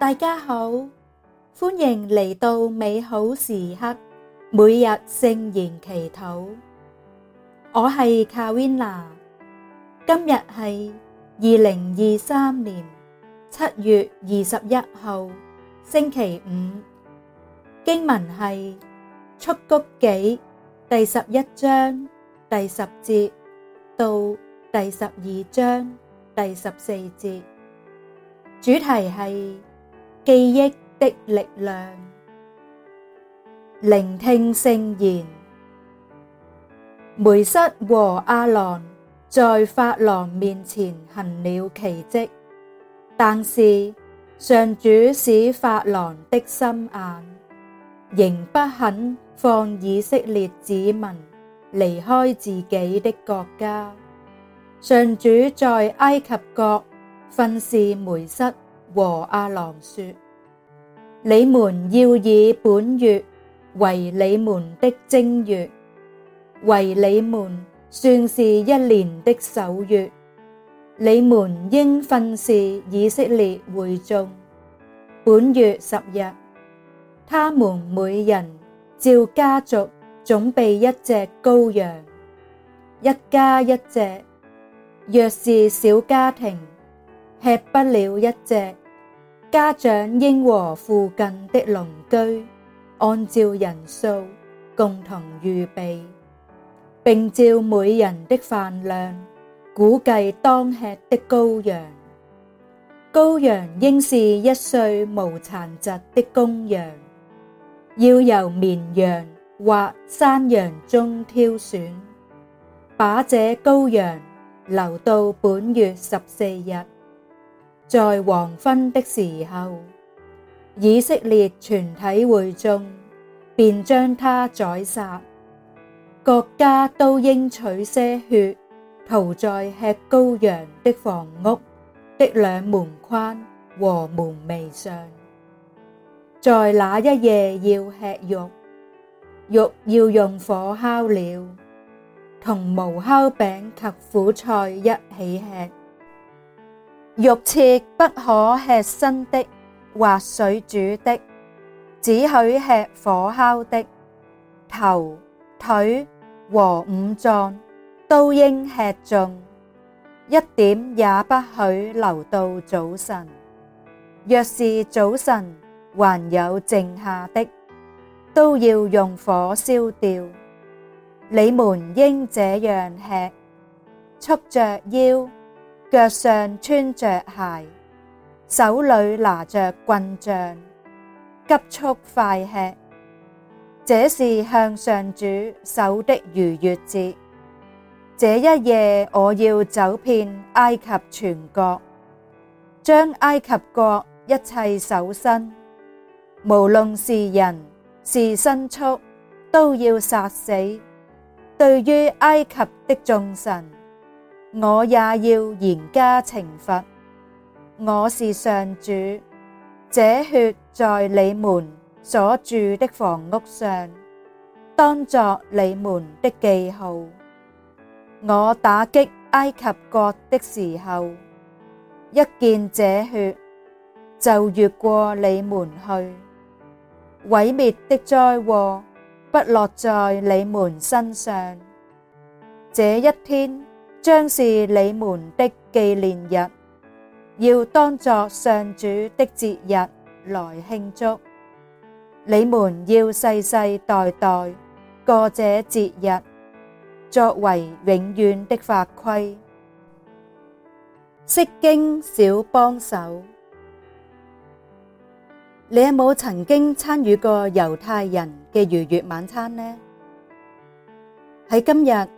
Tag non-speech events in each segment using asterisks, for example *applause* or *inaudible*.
大家好，歡迎嚟到美好時刻，每日聖言祈禱。我係卡維娜，今日係二零二三年七月二十一號星期五。經文係出谷記第十一章第十節到第十二章第十四節，主題係。記憶的力量。聆聽聖言。梅瑟和亞郎在法郎面前行了奇蹟，但是上主使法郎的心硬，仍不肯放以色列子民離開自己的國家。上主在埃及國訓示梅瑟。和亞郎說：你們要以本月為你們的正月，為你們算是一年的首月。你們應訓示以色列會眾，本月十日，他們每人照家族準備一隻羔羊，一家一隻。若是小家庭，吃不了一隻。家長應和附近的鄰居按照人數共同預備，並照每人的飯量估計當吃的羔羊。羔羊應是一歲無殘疾的公羊，要由綿羊或山羊中挑選。把這羔羊留到本月十四日。在黃昏的時候，以色列全體會眾便將他宰殺，各家都應取些血塗在吃羔羊的房屋的兩門框和門楣上。在那一夜要吃肉，肉要用火烤了，同無酵餅及苦菜一起吃。肉切不可吃生的或水煮的，只許吃火烤的。頭、腿和五臟都應吃盡，一點也不許留到早晨。若是早晨還有剩下的，都要用火燒掉。你們應這樣吃，束着腰。腳上穿着鞋，手裏拿着棍杖，急速快吃。這是向上主守的逾越節。這一夜我要走遍埃及全國，將埃及國一切首生，無論是人是牲畜，都要殺死。對於埃及的眾神。我也要嚴加懲罰。我是上主，這血在你們所住的房屋上，當作你們的記號。我打擊埃及國的時候，一見這血就越過你們去，毀滅的災禍不落在你們身上。這一天。將是你們的紀念日，要當作上主的節日來慶祝。你們要世世代代過這節日，作為永遠的法規。釋經小幫手，你有冇曾經參與過猶太人嘅逾越晚餐呢？喺今日。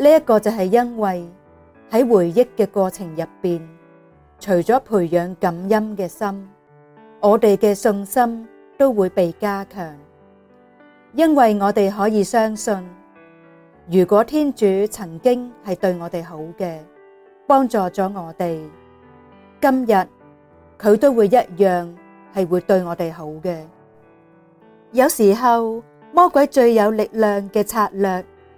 呢一個就係因為喺回憶嘅過程入邊，除咗培養感恩嘅心，我哋嘅信心都會被加強，因為我哋可以相信，如果天主曾經係對我哋好嘅，幫助咗我哋，今日佢都會一樣係會對我哋好嘅。有時候，魔鬼最有力量嘅策略，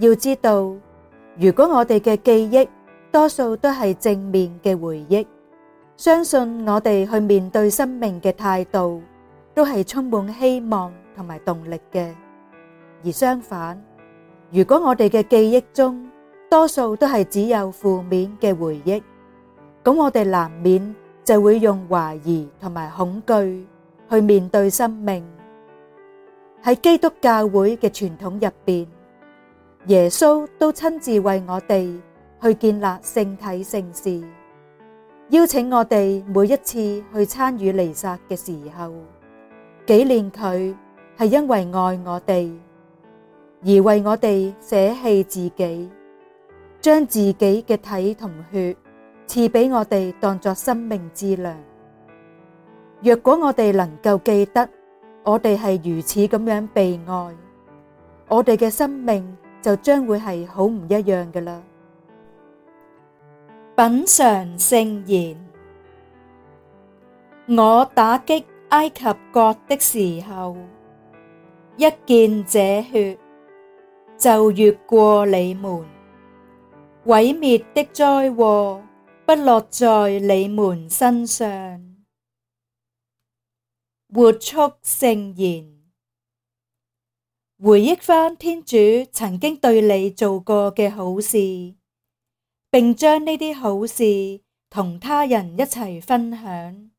要知道，如果我哋嘅記憶多數都係正面嘅回憶，相信我哋去面對生命嘅態度都係充滿希望同埋動力嘅。而相反，如果我哋嘅記憶中多數都係只有負面嘅回憶，咁我哋難免就會用懷疑同埋恐懼去面對生命。喺基督教會嘅傳統入邊，耶穌都親自為我哋去建立聖體聖事，邀請我哋每一次去參與彌撒嘅時候，紀念佢係因為愛我哋而為我哋捨棄自己，將自己嘅體同血賜俾我哋當作生命之糧。若果我哋能夠記得我哋係如此咁樣被愛，我哋嘅生命。就將會係好唔一樣嘅啦。品嘗聖言，我打擊埃及國的時候，一見這血，就越過你們，毀滅的災禍不落在你們身上。活出聖言。回憶返天主曾經對你做過嘅好事，並將呢啲好事同他人一齊分享，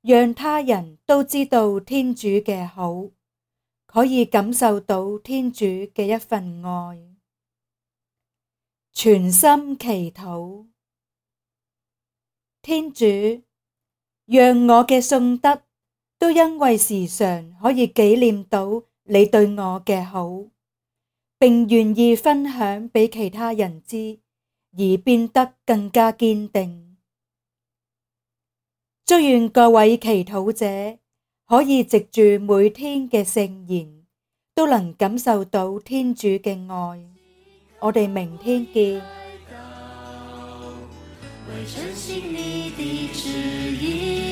讓他人都知道天主嘅好，可以感受到天主嘅一份愛。全心祈禱，天主讓我嘅信德都因為時常可以紀念到。你對我嘅好，並願意分享俾其他人知，而變得更加堅定。祝願各位祈禱者可以藉住每天嘅聖言，都能感受到天主嘅愛。我哋明天見。 *music*